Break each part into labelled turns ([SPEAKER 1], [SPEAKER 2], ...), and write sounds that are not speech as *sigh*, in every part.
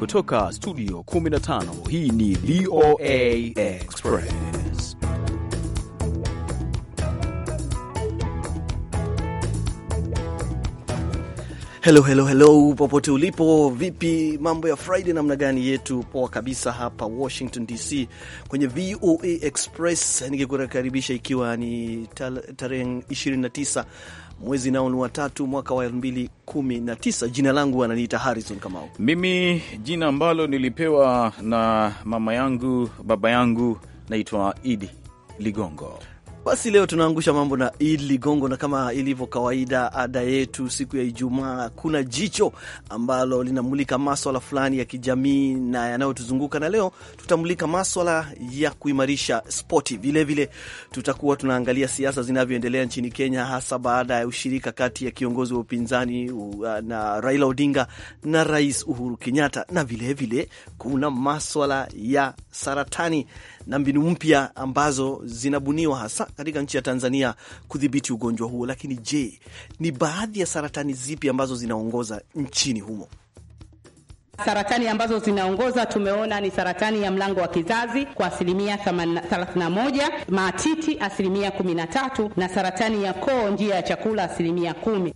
[SPEAKER 1] kutoka studio 15 hii ni VOA Express.
[SPEAKER 2] helo helo helo popote ulipo, vipi mambo ya Friday namna gani yetu? Poa kabisa hapa Washington DC kwenye VOA Express, nikikukaribisha ikiwa ni tarehe 29 mwezi nao ni wa tatu mwaka wa 2019. Jina langu ananiita Harrison Kamau,
[SPEAKER 1] mimi jina ambalo nilipewa na mama yangu baba yangu, naitwa Idi Ligongo. Basi leo tunaangusha mambo na Idi Ligongo,
[SPEAKER 2] na kama ilivyo kawaida, ada yetu siku ya Ijumaa kuna jicho ambalo linamulika maswala fulani ya kijamii na yanayotuzunguka, na leo tutamulika maswala ya kuimarisha spoti. Vilevile tutakuwa tunaangalia siasa zinavyoendelea nchini Kenya, hasa baada ya ushirika kati ya kiongozi wa upinzani uh, na Raila Odinga na Rais Uhuru Kenyatta, na vilevile vile, kuna maswala ya saratani na mbinu mpya ambazo zinabuniwa hasa katika nchi ya Tanzania kudhibiti ugonjwa huo. Lakini je, ni baadhi ya saratani zipi ambazo zinaongoza nchini humo?
[SPEAKER 3] Saratani ambazo zinaongoza tumeona ni saratani ya mlango wa kizazi kwa asilimia 31, matiti asilimia 13, na saratani ya koo njia ya chakula asilimia 10.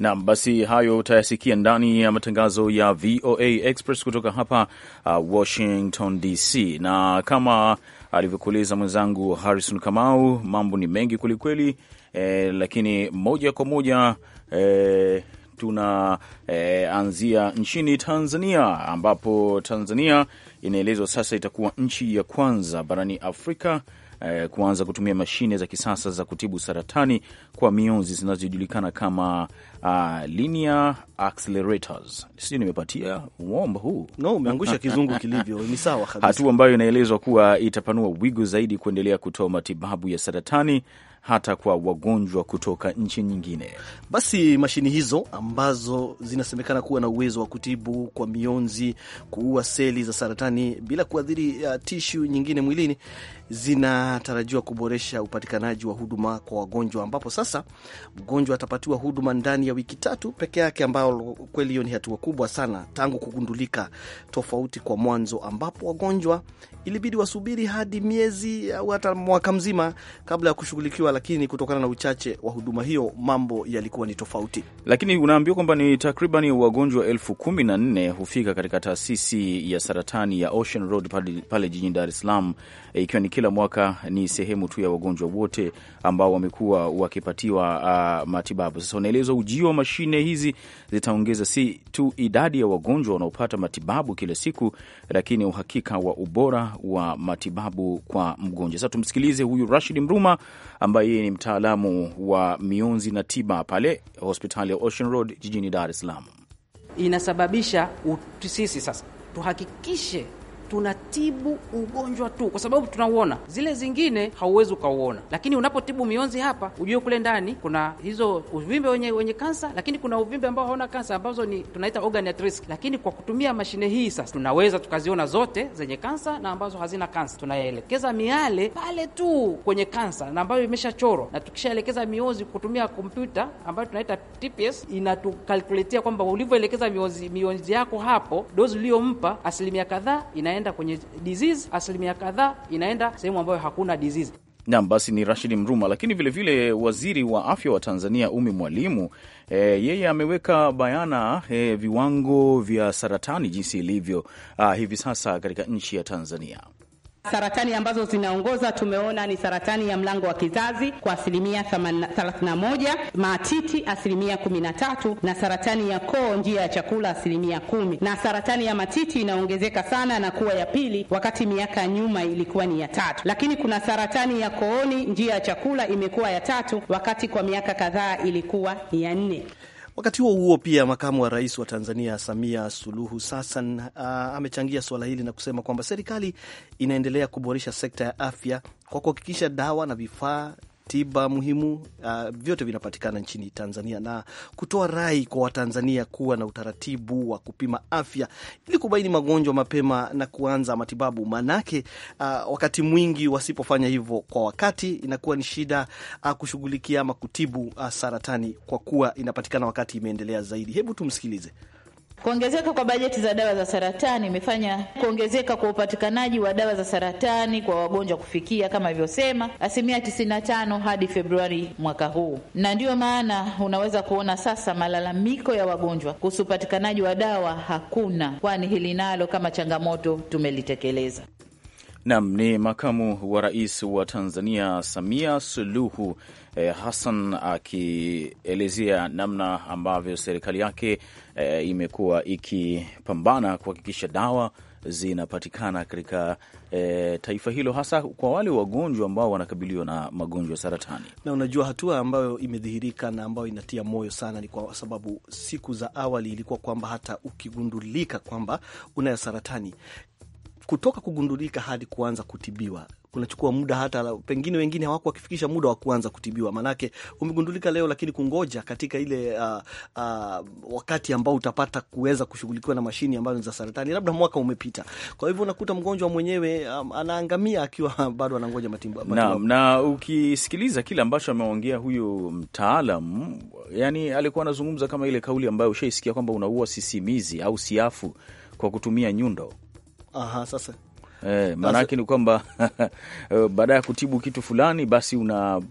[SPEAKER 1] Naam, basi hayo utayasikia ndani ya matangazo ya VOA Express kutoka hapa uh, Washington DC, na kama alivyokueleza mwenzangu Harrison Kamau, mambo ni mengi kwelikweli, eh, lakini moja kwa moja eh, tunaanzia e, nchini Tanzania ambapo Tanzania inaelezwa sasa itakuwa nchi ya kwanza barani Afrika eh, kuanza kutumia mashine za kisasa za kutibu saratani kwa mionzi zinazojulikana kama uh, linear accelerators. Sijui nimepatia uomba huu.
[SPEAKER 2] No, umeangusha *laughs* kizungu kilivyo. Ni sawa kabisa, hatua
[SPEAKER 1] ambayo inaelezwa kuwa itapanua wigo zaidi kuendelea kutoa matibabu ya saratani hata kwa wagonjwa kutoka nchi nyingine.
[SPEAKER 2] Basi mashini hizo ambazo zinasemekana kuwa na uwezo wa kutibu kwa mionzi, kuua seli za saratani bila kuathiri uh, tishu nyingine mwilini zinatarajiwa kuboresha upatikanaji wa huduma kwa wagonjwa, ambapo sasa mgonjwa atapatiwa huduma ndani ya wiki tatu peke yake, ambayo kweli hiyo ni hatua kubwa sana tangu kugundulika, tofauti kwa mwanzo ambapo wagonjwa ilibidi wasubiri hadi miezi au uh, hata mwaka mzima kabla ya kushughulikiwa kuchukuliwa, lakini kutokana na uchache wa huduma hiyo mambo yalikuwa ni tofauti.
[SPEAKER 1] Lakini unaambiwa kwamba ni takriban wagonjwa elfu kumi na nne hufika katika taasisi ya saratani ya Ocean Road pale, jijini Dar es Salaam eh, ikiwa e, ni kila mwaka ni sehemu tu ya wagonjwa wote ambao wamekuwa wakipatiwa uh, matibabu. Sasa unaelezwa ujio wa mashine hizi zitaongeza si tu idadi ya wagonjwa wanaopata matibabu kila siku, lakini uhakika wa ubora wa matibabu kwa mgonjwa. Sasa tumsikilize huyu Rashid Mruma ambaye kwamba yeye ni mtaalamu wa mionzi na tiba pale hospitali ya Ocean Road jijini Dar es Salaam.
[SPEAKER 3] Inasababisha
[SPEAKER 1] sisi sasa tuhakikishe tunatibu ugonjwa tu, kwa sababu tunauona. Zile zingine hauwezi ukauona, lakini unapotibu mionzi hapa, ujue kule ndani kuna hizo uvimbe wenye wenye kansa, lakini kuna uvimbe ambao haona kansa, ambazo ni tunaita organ at risk. Lakini kwa kutumia mashine hii sasa tunaweza tukaziona zote zenye kansa na ambazo hazina kansa. Tunaelekeza miale pale tu kwenye kansa na ambayo imeshachorwa, na tukishaelekeza mionzi
[SPEAKER 3] kutumia kompyuta ambayo tunaita TPS, inatukalkuletea kwamba ulivyoelekeza mionzi, mionzi yako hapo, dozi uliyompa asilimia kadhaa ina inaenda kwenye disease, asilimia kadhaa inaenda sehemu ambayo hakuna disease.
[SPEAKER 1] Nam, basi ni Rashid Mruma. Lakini vilevile vile waziri wa afya wa Tanzania Umi Mwalimu e, yeye ameweka bayana e, viwango vya saratani jinsi ilivyo a, ah, hivi sasa katika nchi ya Tanzania.
[SPEAKER 3] Saratani ambazo zinaongoza tumeona ni saratani ya mlango wa kizazi kwa asilimia 31, matiti asilimia 13, na saratani ya koo njia ya chakula asilimia kumi, na saratani ya matiti inaongezeka sana na kuwa ya pili, wakati miaka nyuma ilikuwa ni ya tatu. Lakini kuna saratani ya kooni njia ya chakula imekuwa ya tatu, wakati kwa miaka
[SPEAKER 2] kadhaa ilikuwa ya nne. Wakati huo huo pia makamu wa rais wa Tanzania Samia Suluhu Hassan uh, amechangia suala hili na kusema kwamba serikali inaendelea kuboresha sekta ya afya kwa kuhakikisha dawa na vifaa tiba muhimu uh, vyote vinapatikana nchini Tanzania, na kutoa rai kwa Watanzania kuwa na utaratibu wa kupima afya ili kubaini magonjwa mapema na kuanza matibabu. Maanake uh, wakati mwingi wasipofanya hivyo kwa wakati, inakuwa ni shida uh, kushughulikia ama kutibu uh, saratani kwa kuwa inapatikana wakati imeendelea zaidi. Hebu tumsikilize.
[SPEAKER 3] Kuongezeka kwa bajeti za dawa za saratani imefanya kuongezeka kwa upatikanaji wa dawa za saratani kwa wagonjwa kufikia kama ilivyosema asilimia 95 hadi Februari mwaka huu, na ndiyo maana unaweza kuona sasa malalamiko ya wagonjwa kuhusu upatikanaji wa dawa hakuna, kwani hili nalo kama changamoto tumelitekeleza.
[SPEAKER 1] Nam ni makamu wa rais wa Tanzania Samia Suluhu eh, Hassan akielezea namna ambavyo serikali yake eh, imekuwa ikipambana kuhakikisha dawa zinapatikana katika e, taifa hilo hasa kwa wale wagonjwa ambao wanakabiliwa na magonjwa ya saratani.
[SPEAKER 2] Na unajua hatua ambayo imedhihirika na ambayo inatia moyo sana ni kwa sababu siku za awali ilikuwa kwamba hata ukigundulika kwamba unayo saratani, kutoka kugundulika hadi kuanza kutibiwa kunachukua muda, hata pengine wengine hawako wakifikisha muda wa kuanza kutibiwa. maanake umegundulika leo, lakini kungoja katika ile uh, uh, wakati ambao utapata kuweza kushughulikiwa na mashini ambazo za saratani, labda mwaka umepita. Kwa hivyo unakuta mgonjwa mwenyewe um, anaangamia akiwa *laughs* bado anangoja matibabu na,
[SPEAKER 1] na ukisikiliza kile ambacho ameongea huyu mtaalam, yani alikuwa anazungumza kama ile kauli ambayo ushaisikia kwamba unaua sisimizi au siafu kwa kutumia nyundo
[SPEAKER 2] Aha, sasa
[SPEAKER 1] eh, maanake ni kwamba *laughs* eh, baada ya kutibu kitu fulani basi una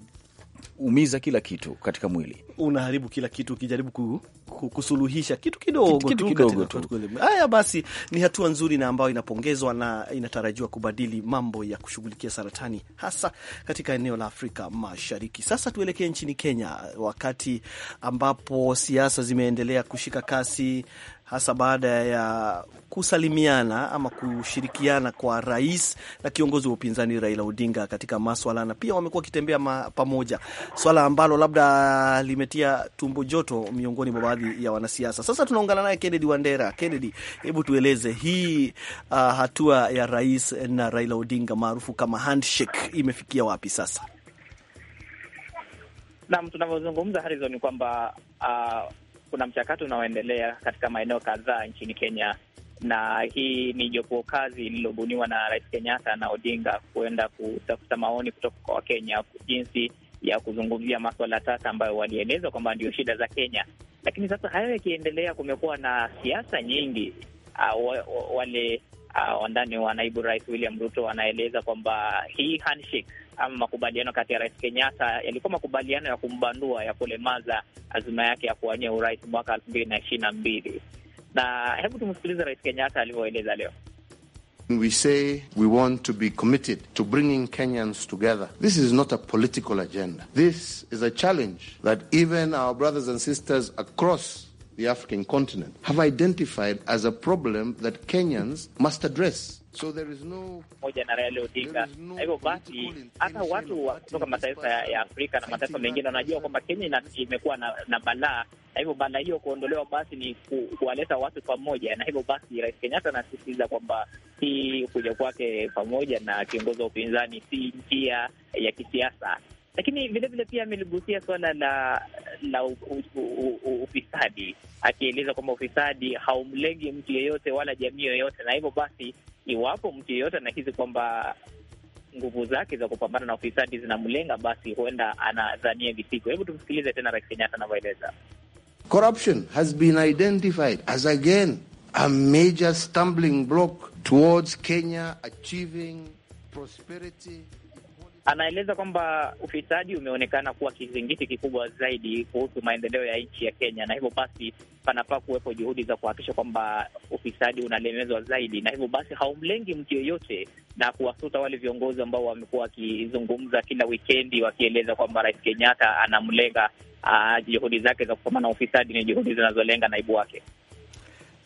[SPEAKER 1] umiza kila kitu katika mwili,
[SPEAKER 2] unaharibu kila kitu ukijaribu ku, kusuluhisha kitu kidogo kitu, kidogo tu. Haya basi, ni hatua nzuri na ambayo inapongezwa na inatarajiwa kubadili mambo ya kushughulikia saratani hasa katika eneo la Afrika Mashariki. Sasa tuelekee nchini Kenya, wakati ambapo siasa zimeendelea kushika kasi hasa baada ya kusalimiana ama kushirikiana kwa rais na kiongozi wa upinzani Raila Odinga katika maswala, na pia wamekuwa wakitembea pamoja, swala ambalo labda limetia tumbo joto miongoni mwa baadhi ya wanasiasa. Sasa tunaungana naye Kennedy Wandera. Kennedy, hebu tueleze hii uh, hatua ya rais na Raila Odinga maarufu kama handshake imefikia wapi sasa?
[SPEAKER 3] Naam, tunavyozungumza Harizon, kwamba uh, kuna mchakato unaoendelea katika maeneo kadhaa nchini Kenya, na hii ni jopo kazi lililobuniwa na Rais Kenyatta na Odinga kuenda kutafuta maoni kutoka kwa Wakenya jinsi ya kuzungumzia maswala tata ambayo walieleza kwamba ndio shida za Kenya. Lakini sasa hayo yakiendelea, kumekuwa na siasa nyingi. Uh, wale uh, ah, wandani wa naibu rais William Ruto wanaeleza kwamba hii handshake ama makubaliano kati ya Rais Kenyatta yalikuwa makubaliano ya kumbandua, ya kulemaza azima yake ya kuwania urais mwaka elfu mbili na ishirini na mbili na hebu tumsikilize Rais Kenyatta alivyoeleza leo.
[SPEAKER 4] We say we want to be committed to bringing Kenyans together. This is not a political agenda. This is a challenge that even our brothers and sisters across the African continent have identified as a problem that Kenyans must address.
[SPEAKER 3] So there is no moja na Raila Odinga. hivyo basi hata watu wa kutoka mataifa ya Afrika na mataifa mengine wanajua kwamba Kenya imekuwa na, na balaa na hivyo balaa hiyo kuondolewa basi ni ku, kuwaleta watu pamoja, na hivyo basi Rais Kenyatta anasisitiza kwamba hii kuja kwake pamoja na kiongozi wa upinzani si njia ya kisiasa, lakini vilevile pia ameligusia suala la la ufisadi, akieleza kwamba ufisadi haumlengi mtu yeyote wala jamii yoyote, na hivyo basi Iwapo mtu yeyote anahisi kwamba nguvu zake za kupambana na ufisadi zinamlenga, basi huenda anadhania vipigo. Hebu tumsikilize tena Rais Kenyatta anavyoeleza.
[SPEAKER 4] Corruption has been identified as again a major stumbling block towards Kenya
[SPEAKER 3] achieving prosperity Anaeleza kwamba ufisadi umeonekana kuwa kizingiti kikubwa zaidi kuhusu maendeleo ya nchi ya Kenya, na hivyo basi panafaa kuwepo juhudi za kuhakikisha kwamba ufisadi unalemezwa zaidi, na hivyo basi haumlengi mtu yoyote na kuwasuta wale viongozi ambao wamekuwa wakizungumza kila wikendi wakieleza kwamba Rais Kenyatta anamlenga. Uh, juhudi zake za kupambana na ufisadi ni juhudi zinazolenga naibu wake.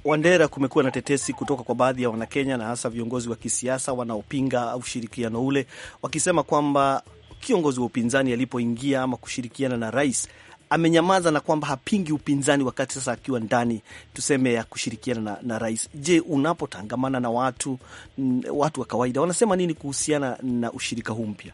[SPEAKER 2] Wandera, kumekuwa na tetesi kutoka kwa baadhi ya Wanakenya na hasa viongozi wa kisiasa wanaopinga ushirikiano ule, wakisema kwamba kiongozi wa upinzani alipoingia ama kushirikiana na rais amenyamaza na kwamba hapingi upinzani, wakati sasa akiwa ndani tuseme ya kushirikiana na, na rais. Je, unapotangamana na watu mm, watu wa kawaida wanasema nini kuhusiana na ushirika huu mpya?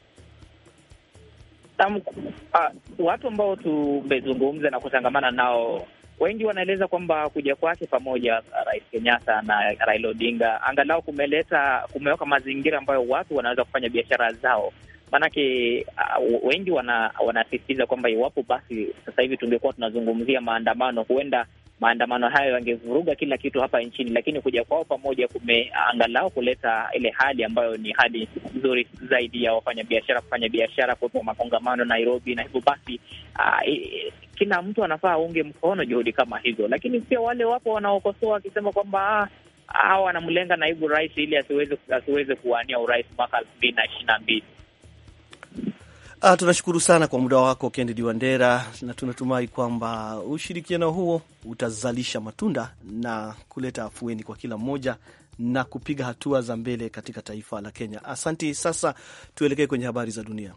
[SPEAKER 3] Um, uh, watu ambao tumezungumza na kutangamana nao Wengi wanaeleza kwamba kuja kwake pamoja uh, Rais Kenyatta na Raila Odinga angalau kumeleta kumeweka mazingira ambayo watu wanaweza kufanya biashara zao, maanake uh, wengi wanasisitiza wana kwamba iwapo basi sasa hivi tungekuwa tunazungumzia maandamano, huenda maandamano hayo yangevuruga kila kitu hapa nchini, lakini kuja kwao pamoja kumeangalau ah, kuleta ile hali ambayo ni hali nzuri zaidi ya wafanyabiashara kufanya biashara, kuwepo makongamano Nairobi, na hivyo basi uh, kila mtu anafaa aunge mkono juhudi kama hizo, lakini pia wale wapo wanaokosoa wakisema kwamba ah, hawa wanamlenga naibu rais ili asiweze asiweze kuwania urais mwaka elfu mbili na ishirini na mbili.
[SPEAKER 2] Uh, tunashukuru sana kwa muda wako Kennedy Wandera, na tunatumai kwamba ushirikiano huo utazalisha matunda na kuleta afueni kwa kila mmoja na kupiga hatua za mbele katika taifa la Kenya. Asanti. Sasa tuelekee kwenye habari za dunia.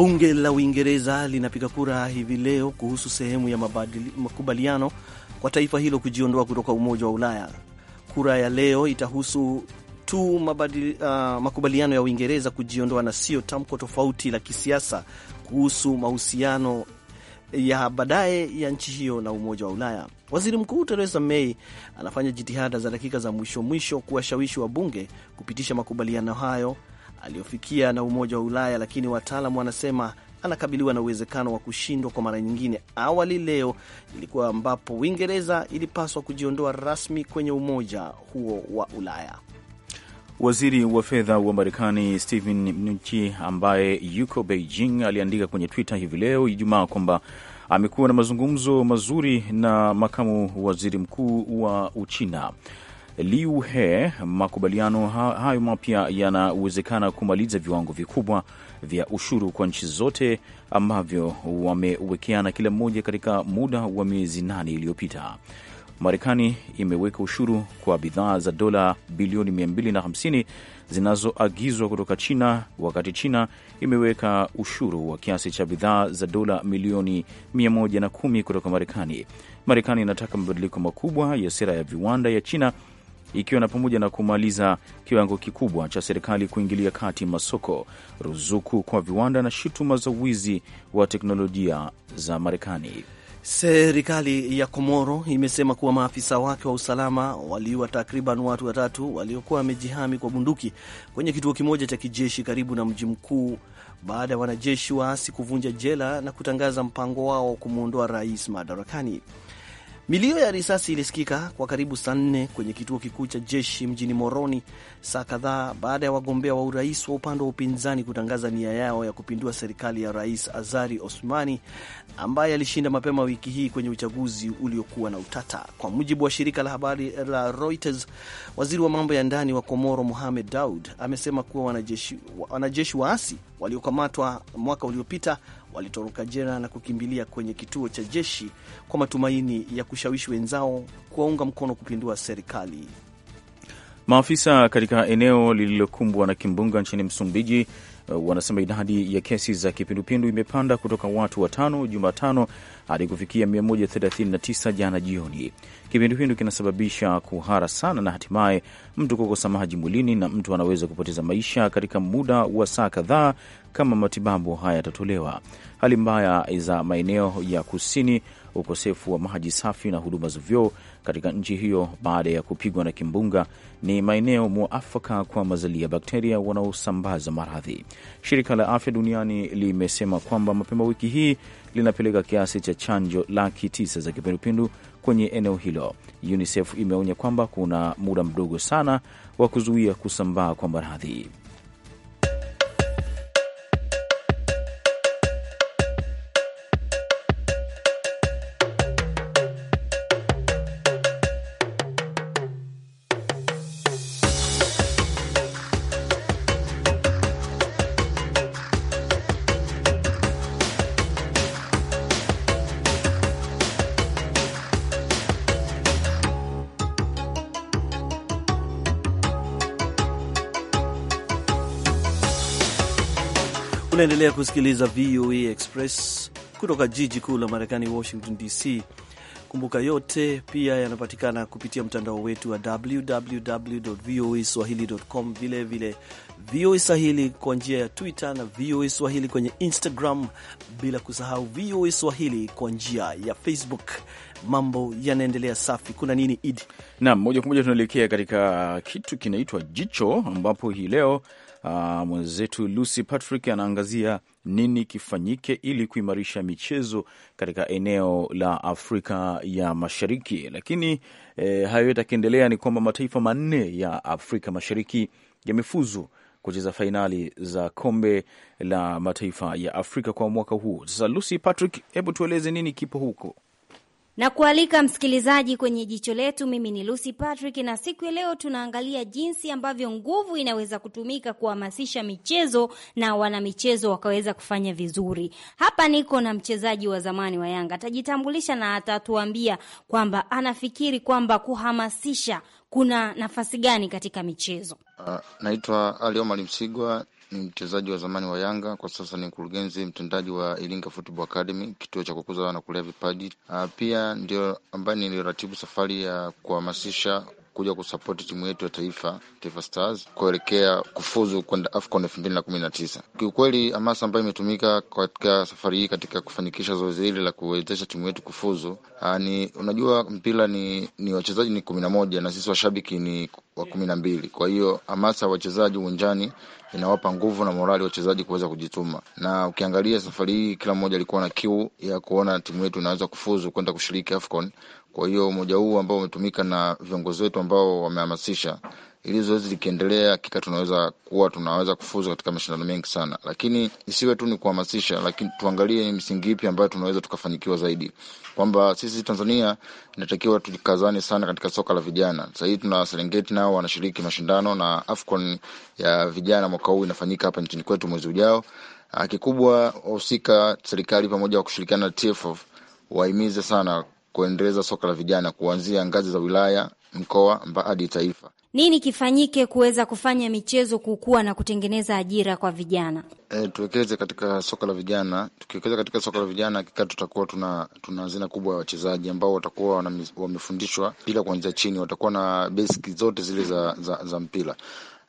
[SPEAKER 2] Bunge la Uingereza linapiga kura hivi leo kuhusu sehemu ya mabadili, makubaliano kwa taifa hilo kujiondoa kutoka Umoja wa Ulaya. Kura ya leo itahusu tu mabadili, uh, makubaliano ya Uingereza kujiondoa na sio tamko tofauti la kisiasa kuhusu mahusiano ya baadaye ya nchi hiyo na Umoja wa Ulaya. Waziri Mkuu Theresa May anafanya jitihada za dakika za mwisho mwisho kuwashawishi wabunge kupitisha makubaliano hayo aliyofikia na Umoja wa Ulaya, lakini wataalam wanasema anakabiliwa na uwezekano wa kushindwa kwa mara nyingine. Awali leo ilikuwa ambapo Uingereza ilipaswa kujiondoa rasmi kwenye umoja huo wa Ulaya.
[SPEAKER 1] Waziri wa fedha wa Marekani Steven Mnuchin ambaye yuko Beijing aliandika kwenye Twitter hivi leo Ijumaa kwamba amekuwa na mazungumzo mazuri na makamu waziri mkuu wa Uchina Liu He. Makubaliano hayo mapya yanawezekana kumaliza viwango vikubwa vya ushuru kwa nchi zote ambavyo wamewekeana kila mmoja katika muda wa miezi nane iliyopita. Marekani imeweka ushuru kwa bidhaa za dola bilioni 250 zinazoagizwa kutoka China, wakati China imeweka ushuru wa kiasi cha bidhaa za dola milioni 110 kutoka Marekani. Marekani inataka mabadiliko makubwa ya sera ya viwanda ya China ikiwa na pamoja na kumaliza kiwango kikubwa cha serikali kuingilia kati masoko, ruzuku kwa viwanda na shutuma za wizi wa teknolojia za Marekani. Serikali ya Komoro
[SPEAKER 2] imesema kuwa maafisa wake wa usalama waliua takriban watu watatu waliokuwa wamejihami kwa bunduki kwenye kituo kimoja cha kijeshi karibu na mji mkuu baada ya wanajeshi waasi kuvunja jela na kutangaza mpango wao wa kumwondoa rais madarakani. Milio ya risasi ilisikika kwa karibu saa nne kwenye kituo kikuu cha jeshi mjini Moroni, saa kadhaa baada ya wagombea wa urais wa upande wa upinzani kutangaza nia yao ya kupindua serikali ya Rais Azari Osmani ambaye alishinda mapema wiki hii kwenye uchaguzi uliokuwa na utata. Kwa mujibu wa shirika la habari la Reuters, waziri wa mambo ya ndani wa Komoro Mohamed Daud amesema kuwa wanajeshi waasi waliokamatwa mwaka uliopita walitoroka jela na kukimbilia kwenye kituo cha jeshi kwa matumaini ya kushawishi wenzao kuwaunga mkono kupindua serikali.
[SPEAKER 1] Maafisa katika eneo lililokumbwa na kimbunga nchini Msumbiji Uh, wanasema idadi ya kesi za kipindupindu imepanda kutoka watu watano Jumatano hadi kufikia 139 jana jioni. Kipindupindu kinasababisha kuhara sana na hatimaye mtu kukosa maji mwilini, na mtu anaweza kupoteza maisha katika muda wa saa kadhaa kama matibabu haya yatatolewa Hali mbaya za maeneo ya kusini ukosefu wa maji safi na huduma za vyoo katika nchi hiyo baada ya kupigwa na kimbunga ni maeneo mwafaka kwa mazalia bakteria wanaosambaza maradhi. Shirika la Afya Duniani limesema kwamba mapema wiki hii linapeleka kiasi cha chanjo laki tisa za kipindupindu kwenye eneo hilo. UNICEF imeonya kwamba kuna muda mdogo sana wa kuzuia kusambaa kwa maradhi.
[SPEAKER 2] Unaendelea kusikiliza VOA Express kutoka jiji kuu la Marekani, Washington DC. Kumbuka yote pia yanapatikana kupitia mtandao wetu wa www voa swahili.com, vilevile VOA Swahili kwa njia ya Twitter na VOA Swahili kwenye Instagram, bila kusahau VOA Swahili kwa njia ya Facebook mambo
[SPEAKER 1] yanaendelea safi. Kuna nini Idi? Naam, moja kwa moja tunaelekea katika kitu kinaitwa Jicho, ambapo hii leo uh, mwenzetu Lucy Patrick anaangazia nini kifanyike ili kuimarisha michezo katika eneo la Afrika ya Mashariki. Lakini eh, hayo akiendelea ni kwamba mataifa manne ya Afrika Mashariki yamefuzu kucheza fainali za kombe la mataifa ya Afrika kwa mwaka huu. Sasa Lucy Patrick, hebu tueleze nini kipo huko?
[SPEAKER 5] na kualika msikilizaji kwenye jicho letu. Mimi ni Lucy Patrick, na siku ya leo tunaangalia jinsi ambavyo nguvu inaweza kutumika kuhamasisha michezo na wanamichezo wakaweza kufanya vizuri. Hapa niko na mchezaji wa zamani wa Yanga, atajitambulisha na atatuambia kwamba anafikiri kwamba kuhamasisha kuna nafasi gani katika michezo.
[SPEAKER 4] Uh, naitwa Ali Omar Msigwa, ni mchezaji wa zamani wa Yanga, kwa sasa ni mkurugenzi mtendaji wa Iringa Football Academy, kituo cha kukuza na kulea vipaji. Ah, pia ndio ambaye niliratibu safari ya kuhamasisha kuja kusapoti timu yetu ya taifa Taifa Stars kuelekea kufuzu kwenda AFCON elfu mbili na kumi na tisa. Kiukweli hamasa ambayo imetumika katika safari hii katika kufanikisha zoezi hili la kuwezesha timu yetu kufuzu ah, ni unajua, mpira ni, ni wachezaji ni kumi na moja na sisi washabiki ni wa kumi na mbili. Kwa hiyo hamasa ya wachezaji uwanjani inawapa nguvu na morali wachezaji kuweza kujituma, na ukiangalia safari hii kila mmoja alikuwa na kiu ya kuona timu yetu inaweza kufuzu kwenda kushiriki AFCON kwa hiyo umoja huu ambao umetumika na viongozi wetu ambao wamehamasisha, ili zoezi likiendelea, hakika tunaweza kuwa tunaweza kufuzu katika mashindano mengi sana, lakini isiwe tu ni kuhamasisha, lakini tuangalie ni misingi ipi ambayo tunaweza tukafanikiwa zaidi, kwamba sisi Tanzania inatakiwa tujikazane sana katika soka la vijana. Sasa hivi tuna Serengeti nao wanashiriki mashindano na AFCON ya vijana mwaka huu inafanyika hapa nchini kwetu mwezi ujao. Ah, kikubwa wahusika, serikali pamoja wa kushirikiana na TFF wahimize sana kuendeleza soka la vijana kuanzia ngazi za wilaya, mkoa hadi taifa.
[SPEAKER 5] Nini kifanyike kuweza kufanya michezo kukua na kutengeneza ajira kwa vijana?
[SPEAKER 4] E, tuwekeze katika soka la vijana. Tukiwekeza katika soka la vijana, hakika tutakuwa tuna tuna hazina kubwa ya wachezaji ambao watakuwa wamefundishwa mpira kuanzia chini, watakuwa na basic zote zile za, za, za mpira.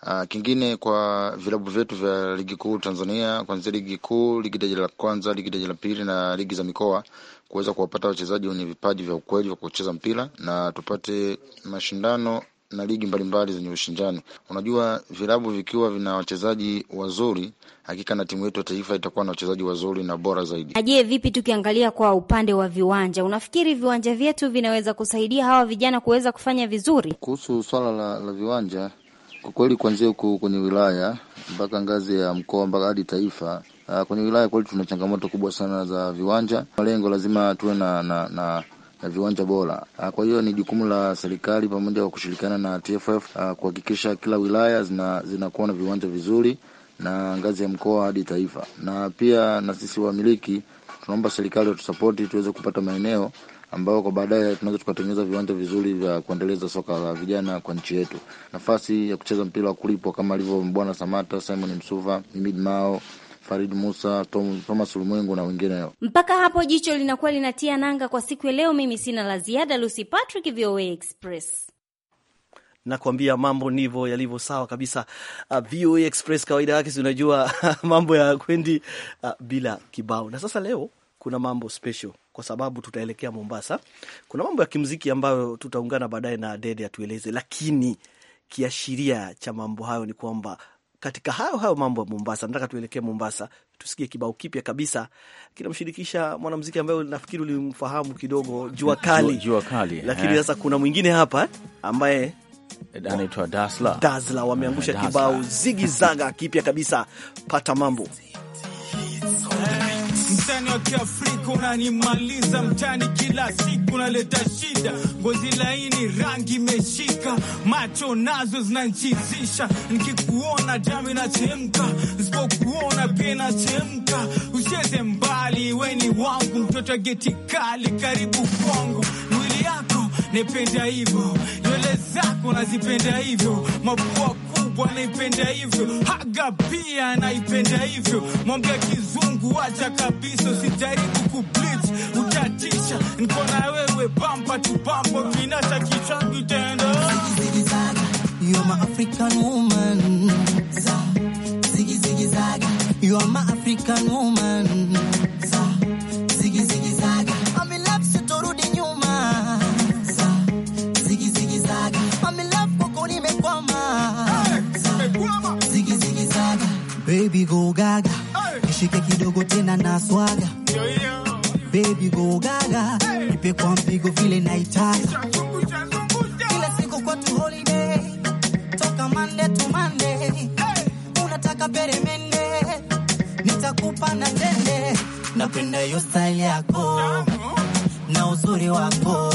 [SPEAKER 4] Aa, kingine kwa vilabu vyetu vya ligi kuu Tanzania, kuanzia ligi kuu, ligi daraja la kwanza, ligi daraja la pili na ligi za mikoa, kuweza kuwapata wachezaji wenye vipaji vya ukweli vya kucheza mpira na tupate mashindano na ligi mbalimbali zenye ushindani. Unajua, vilabu vikiwa vina wachezaji wazuri, hakika na timu yetu ya taifa itakuwa na wachezaji wazuri na bora zaidi.
[SPEAKER 5] Aje, vipi tukiangalia kwa upande wa viwanja, unafikiri viwanja vyetu vinaweza kusaidia hawa vijana kuweza kufanya vizuri?
[SPEAKER 4] Kuhusu swala la, la viwanja, kwa kweli kuanzia huku kwenye wilaya mpaka ngazi ya mkoa mpaka hadi taifa Uh, kwenye wilaya kwetu tuna changamoto kubwa sana za viwanja. Malengo lazima tuwe na, na, na na viwanja bora. Ah, kwa hiyo ni jukumu la serikali pamoja kwa kushirikiana na TFF ah, kuhakikisha kila wilaya zinakuwa zina na viwanja vizuri na ngazi ya mkoa hadi taifa, na pia na sisi wamiliki tunaomba serikali watusapoti tuweze kupata maeneo ambayo kwa baadaye tunaweza tukatengeneza viwanja vizuri vya kuendeleza soka la vijana kwa nchi yetu, nafasi ya kucheza mpira wa kulipwa kama alivyo Bwana Samata, Simon Msuva, Himid Mao Farid Musa, Tom, Thomas Ulimwengu na wengineo.
[SPEAKER 5] Mpaka hapo jicho linakuwa linatia nanga kwa siku ya leo. Mimi sina la ziada. Lucy Patrick, VOA Express
[SPEAKER 2] nakwambia mambo ndivyo yalivyo. Sawa kabisa. Uh, VOA Express kawaida yake, si unajua *laughs* mambo ya kwendi uh, bila kibao. Na sasa leo kuna mambo special kwa sababu tutaelekea Mombasa. Kuna mambo ya kimziki ambayo tutaungana baadaye na Dede atueleze, lakini kiashiria cha mambo hayo ni kwamba katika hayo hayo mambo ya Mombasa, nataka tuelekee Mombasa, tusikie kibao kipya kabisa kinamshirikisha mwanamuziki ambaye nafikiri ulimfahamu kidogo, Jua Kali, Jua Kali. Lakini eh. sasa kuna mwingine hapa ambaye eh, anaitwa Dasla, Dasla wameangusha eh, kibao zigizaga kipya kabisa, pata mambo
[SPEAKER 1] mtani wa Kiafrika unanimaliza mtani, kila siku naleta shida, ngozi laini, rangi imeshika, macho nazo zinanchizisha, nikikuona damu inachemka, nisipokuona pia inachemka. Ucheze mbali, weni wangu, mtoto wa geti kali, karibu kwangu, mwili yako nependa hivyo, nywele zako nazipenda hivyo, mapua Bwana ipende hivyo, haga pia anaipenda hivyo. Mwambia kizungu wacha kabisa, usijaribu kublit, utatisha. Niko na wewe bampa tu
[SPEAKER 5] bampa, kinasa kichangu itaenda You are my African woman. Ziggy, ziggy, zaga. You are my African woman.
[SPEAKER 3] go gaga, nishike kidogo tena na swaga. Baby go gaga, nipe kwa mpigo vile naitaka. Kila siku kwa tu holiday, toka Monday to Monday. Unataka peremende, nitakupa na tende. Napenda hiyo style yako na uzuri wako,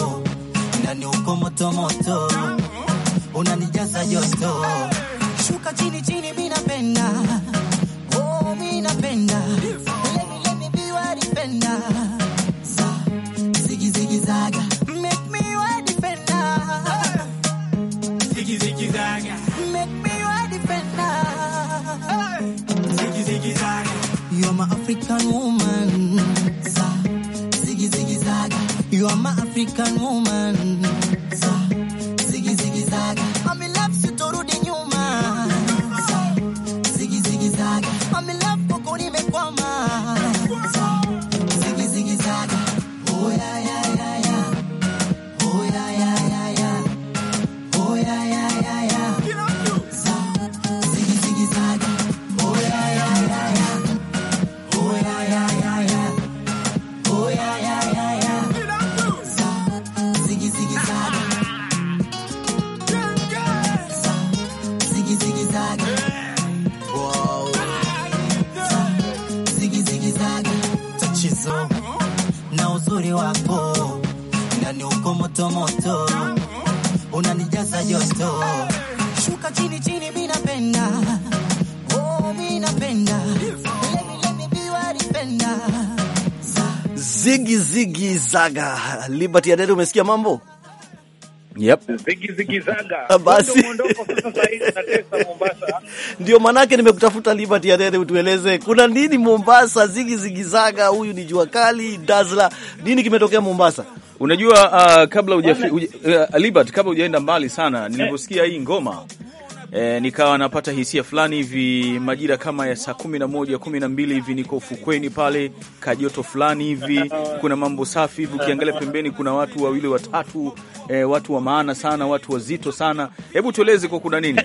[SPEAKER 3] ndani uko moto moto, unanijaza joto,
[SPEAKER 5] shuka chini chini African woman.
[SPEAKER 3] tatizo na uzuri wako nani uko moto moto, unanijaza joto,
[SPEAKER 5] shuka chini chini, mimi napenda oh, mimi napenda
[SPEAKER 2] zigi zigi zaga. Liberty Adede, umesikia mambo
[SPEAKER 1] Yep. Ah, basi. *laughs*
[SPEAKER 2] Ndio manake nimekutafuta Liberty Adede utueleze kuna nini Mombasa zigizigizaga, huyu ni jua kali, dazla. Nini kimetokea Mombasa?
[SPEAKER 1] Unajua uh, kabla uja, uja uh, kabla hujaenda mbali sana nilivyosikia hii ngoma e, nikawa napata hisia fulani hivi majira kama ya saa kumi na moja kumi na mbili hivi, niko ufukweni pale, kajoto fulani hivi, kuna mambo safi hivi. Ukiangalia pembeni kuna watu wawili watatu, e, watu wa maana sana, watu wazito sana. Hebu tueleze kwa kuna nini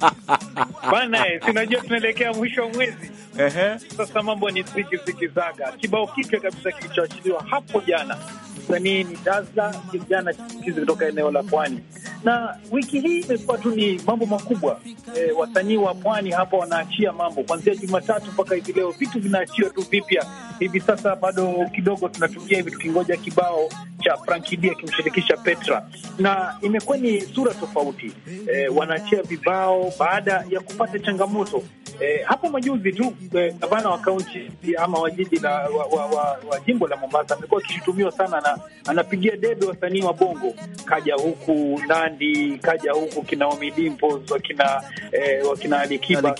[SPEAKER 1] *laughs* bana? Sinajua tunaelekea mwisho wa mwezi. Ehe, sasa mambo ni
[SPEAKER 6] zikizikizaga. Kibao kipya kabisa kilichoachiliwa hapo jana, msanii ni Dazla kijana kutoka eneo la Pwani na wiki hii imekuwa tu ni mambo makubwa e, wasanii wa pwani hapa wanaachia mambo kuanzia Jumatatu mpaka hivi leo, vitu vinaachiwa tu vipya hivi sasa. Bado kidogo tunatumia hivi tukingoja kibao cha Frankidi akimshirikisha Petra, na imekuwa ni sura tofauti e, wanaachia vibao baada ya kupata changamoto e, hapo majuzi tu e, gavana e, wa kaunti ama wa jiji la wa, wa, wa, wa jimbo la Mombasa amekuwa akishutumiwa sana na anapigia debe wasanii wa bongo kaja huku nani Diamond, kaja huku kina Omi Dimples, wakina eh, wakina Alikiba,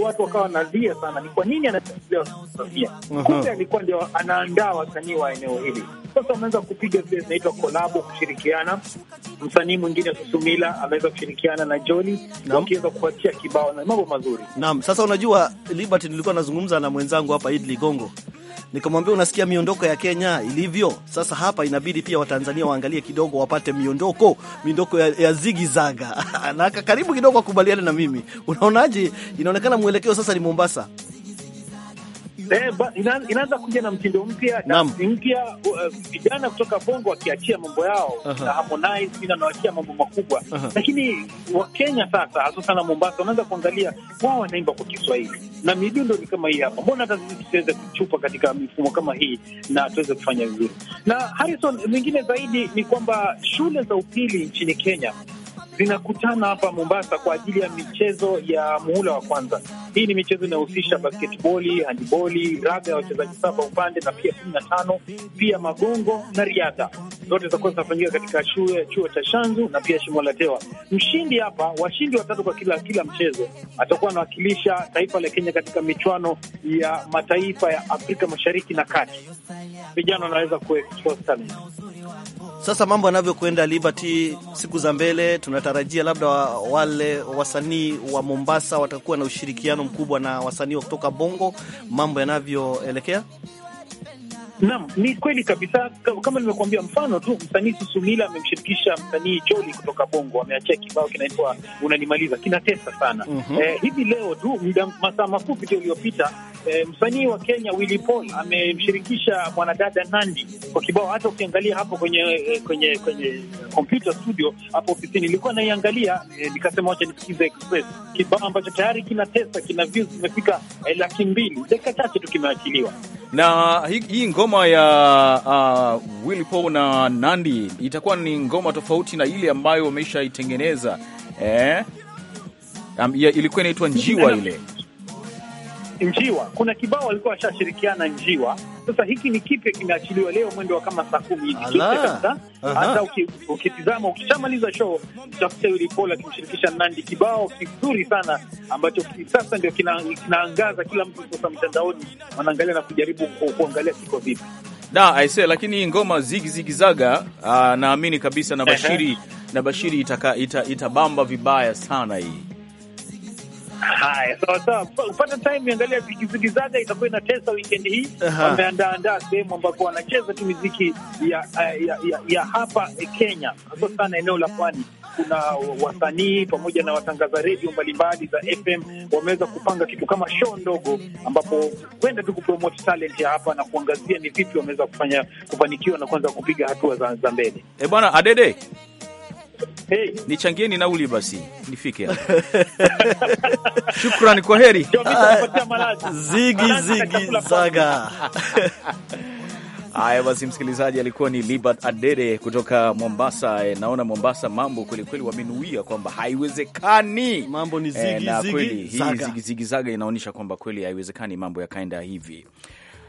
[SPEAKER 6] watu wakawa nazia sana, ni kwa nini anasaidia Tanzania? Kumbe alikuwa ndio anaandaa wasanii wa eneo hili. Sasa ameweza kupiga zile zinaitwa kolabo, kushirikiana. Msanii mwingine Susumila ameweza kushirikiana na Joni, wakiweza
[SPEAKER 2] kufatia kibao na mambo mazuri. Naam, sasa unajua Liberty, nilikuwa nazungumza na mwenzangu hapa Idli Gongo Nikamwambia unasikia miondoko ya Kenya ilivyo sasa, hapa inabidi pia Watanzania waangalie kidogo, wapate miondoko miondoko ya, ya zigizaga *laughs* na karibu kidogo akubaliane na mimi. Unaonaje? Inaonekana mwelekeo sasa ni Mombasa. Eh, inaanza kuja na mtindo mpya mpya, uh, vijana uh, kutoka Bongo wakiachia mambo yao
[SPEAKER 6] na Harmonize na naachia mambo makubwa Lakini Wakenya sasa hasa sana Mombasa wanaanza kuangalia wao wanaimba kwa Kiswahili na midundo ni kama hii hapa, mbona hata tuweze kuchupa katika mifumo kama hii na tuweze kufanya vizuri. Na Harrison, mingine zaidi ni kwamba shule za upili nchini Kenya zinakutana hapa Mombasa kwa ajili ya michezo ya muhula wa kwanza. Hii ni michezo inayohusisha basketboli, handiboli, raga ya wachezaji saba upande na pia kumi na tano, pia magongo na riadha, zote zitakuwa zinafanyika katika chuo cha Shanzu na pia Shimo la Tewa. Mshindi hapa, washindi watatu kwa kila kila mchezo, atakuwa anawakilisha taifa la Kenya katika michuano ya mataifa ya Afrika Mashariki na Kati. Vijana wanaweza ku
[SPEAKER 2] sasa mambo yanavyokwenda Liberty siku za mbele, tunatarajia labda wale wasanii wa Mombasa watakuwa na ushirikiano mkubwa na wasanii wa kutoka Bongo, mambo yanavyoelekea Naam, ni kweli kabisa, kama nimekuambia, mfano tu msanii
[SPEAKER 5] Susumila
[SPEAKER 6] amemshirikisha msanii Joli kutoka Bongo, ameachia kibao kinaitwa unanimaliza, kinatesa sana. mm -hmm. Eh, hivi leo tu muda masaa mafupi tu uliopita, eh, msanii wa Kenya Willy Paul amemshirikisha mwanadada Nandi kwa kibao. Hata ukiangalia hapo kwenye eh, kwenye kwenye computer studio hapo ofisini nilikuwa naiangalia, eh, nikasema wacha nisikize Express, kibao ambacho tayari kinatesa, kina views zimefika eh, laki mbili, dakika chache tu kimeachiliwa
[SPEAKER 1] na hii hi, ngoma ya uh, Willy Paul na Nandi itakuwa ni ngoma tofauti na ile ambayo wameshaitengeneza eh? Um, ilikuwa inaitwa Njiwa ile Njiwa. Kuna kibao walikuwa washashirikiana
[SPEAKER 6] Njiwa sasa hiki ni kipya, kimeachiliwa leo mwendo wa kama saa kumi hivi, kabisa. Hata ukitizama, ukishamaliza show utakuta yule Paul akimshirikisha Nandi, kibao kizuri sana ambacho sasa ndio kinaangaza kila mtu sasa mtandaoni, wanaangalia na kujaribu kuangalia kiko vipi.
[SPEAKER 1] Da aise, lakini hii ngoma zigizigizaga, ah, naamini kabisa na bashiri na bashiri itabamba ita, ita vibaya sana hii
[SPEAKER 6] Haya, sawa sawa, upate time, angalia Zigizigi Zaga itakuwa inatesa wikendi hii. Wameandaandaa sehemu ambapo wanacheza tu miziki ya, eh, ya, ya, ya hapa Kenya, hasa sana eneo la pwani. Kuna wasanii pamoja na watangaza redio mbalimbali za FM wameweza kupanga kitu kama show ndogo, ambapo kwenda tu kupromote talent
[SPEAKER 1] ya hapa na kuangazia ni vipi wameweza kufanya kufanikiwa na kuanza kupiga hatua za, za mbele. E bwana Adede Hey. Nichangieni nauli basi nifike. *laughs* Shukrani, kwa heri. Zigi zigi zaga. *laughs* Haya basi, msikilizaji, alikuwa ni Libert Adede kutoka Mombasa. E, naona Mombasa mambo kwelikweli, wamenuia kwamba haiwezekani mambo ni eh, zigi, e, zigi, kweli hii zaga inaonyesha kwamba kweli haiwezekani mambo yakaenda hivi.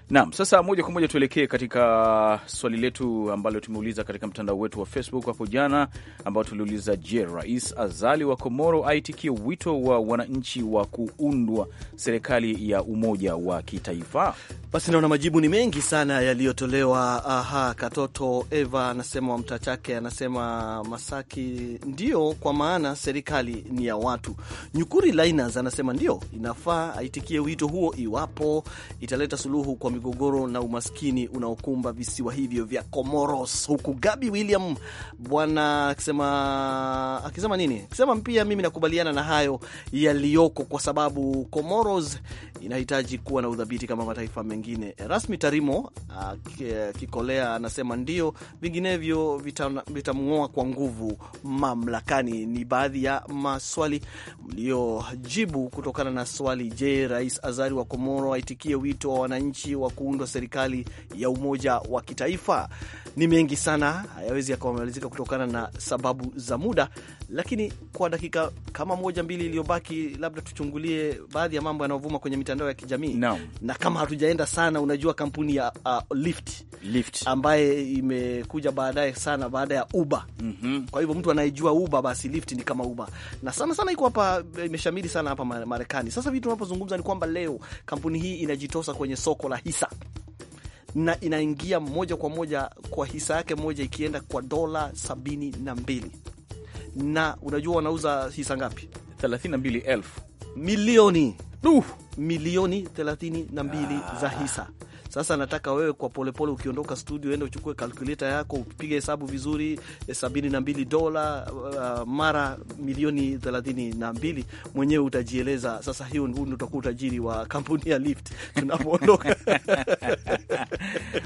[SPEAKER 1] Naam, sasa moja kwa moja tuelekee katika swali letu ambalo tumeuliza katika mtandao wetu wa Facebook hapo jana, ambao tuliuliza: Je, Rais Azali wa Komoro aitikie wito wa wananchi wa kuundwa serikali ya umoja wa kitaifa? Basi
[SPEAKER 2] naona majibu ni mengi sana yaliyotolewa. Aha, Katoto Eva anasema wamta chake, anasema Masaki ndio, kwa maana serikali ni ya watu. Nyukuri Lainas anasema ndio, inafaa aitikie wito huo iwapo italeta suluhu kwa migogoro na umaskini unaokumba visiwa hivyo vya Comoros, huku Gabi William bwana akisema akisema nini, akisema pia mimi nakubaliana na hayo yaliyoko, kwa sababu Comoros inahitaji kuwa na udhabiti kama mataifa mengine. Rasmi Tarimo akikolea anasema ndio, vinginevyo vitamng'oa kwa nguvu mamlakani. Ni baadhi ya maswali mliojibu kutokana na swali. Je, Rais Azari wa Komoro aitikie wito wa wananchi wa wa kuundwa serikali ya umoja wa kitaifa. Ni mengi sana, hayawezi yakamalizika kutokana na sababu za muda, lakini kwa dakika kama moja mbili iliyobaki, labda tuchungulie baadhi ya mambo yanayovuma kwenye mitandao ya kijamii no. na kama hatujaenda sana, unajua kampuni ya uh, Lyft. Lyft ambaye imekuja baadaye sana baada ya Uber mm -hmm. kwa hivyo mtu anayejua Uber basi Lyft ni kama Uber na sana sana iko hapa, imeshamiri sana hapa Marekani. Sasa vitu tunapozungumza ni kwamba leo kampuni hii inajitosa kwenye soko la hisa hisa na inaingia moja kwa moja kwa hisa yake moja ikienda kwa dola sabini na mbili na unajua wanauza hisa ngapi? thelathini na mbili elfu milioni Nuh. milioni thelathini na mbili ah, za hisa sasa nataka wewe kwa polepole pole, ukiondoka studio ende uchukue kalkuleta yako upige hesabu vizuri, eh, sabini na mbili dola uh, mara milioni thelathini na mbili mwenyewe utajieleza. Sasa hiyo ndio utakuwa utajiri wa *laughs* kampuni ya Lyft tunapoondoka.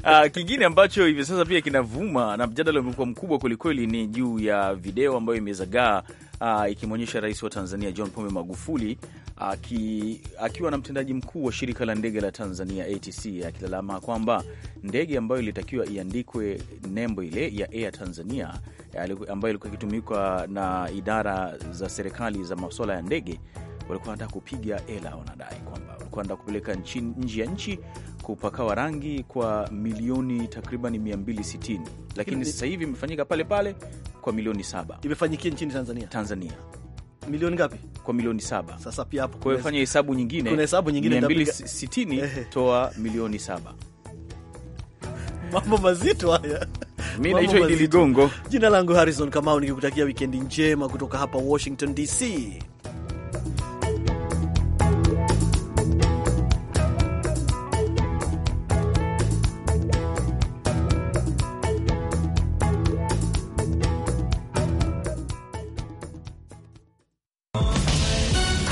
[SPEAKER 1] Uh, *laughs* kingine ambacho hivi sasa pia kinavuma na mjadala umekuwa mkubwa kwelikweli ni juu ya video ambayo imezagaa uh, ikimwonyesha rais wa Tanzania John Pombe Magufuli aki, akiwa na mtendaji mkuu wa shirika la ndege la Tanzania ATC akilalama kwamba ndege ambayo ilitakiwa iandikwe nembo ile ya Air Tanzania ambayo ilikuwa ikitumikwa na idara za serikali za masuala ya ndege walikuwa wanataka kupiga hela, wanadai kwamba walikuwa wanataka kupeleka nje ya nchi kupakawa rangi kwa milioni takriban 260, lakini sasa hivi imefanyika pale pale kwa milioni saba. Imefanyikia nchini Tanzania. Tanzania milioni ngapi? Kwa milioni saba. Sasa pia hapo, kwa hiyo fanya hesabu nyingine, kuna hesabu nyingine 260 toa milioni saba.
[SPEAKER 2] Mambo mazito haya. Mimi naitwa Idi Ligongo, jina langu Harrison Kamau, nikikutakia wikendi njema kutoka hapa Washington DC.